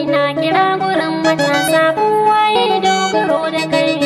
Ina kira gurin matasa kowa ya dogaro da kai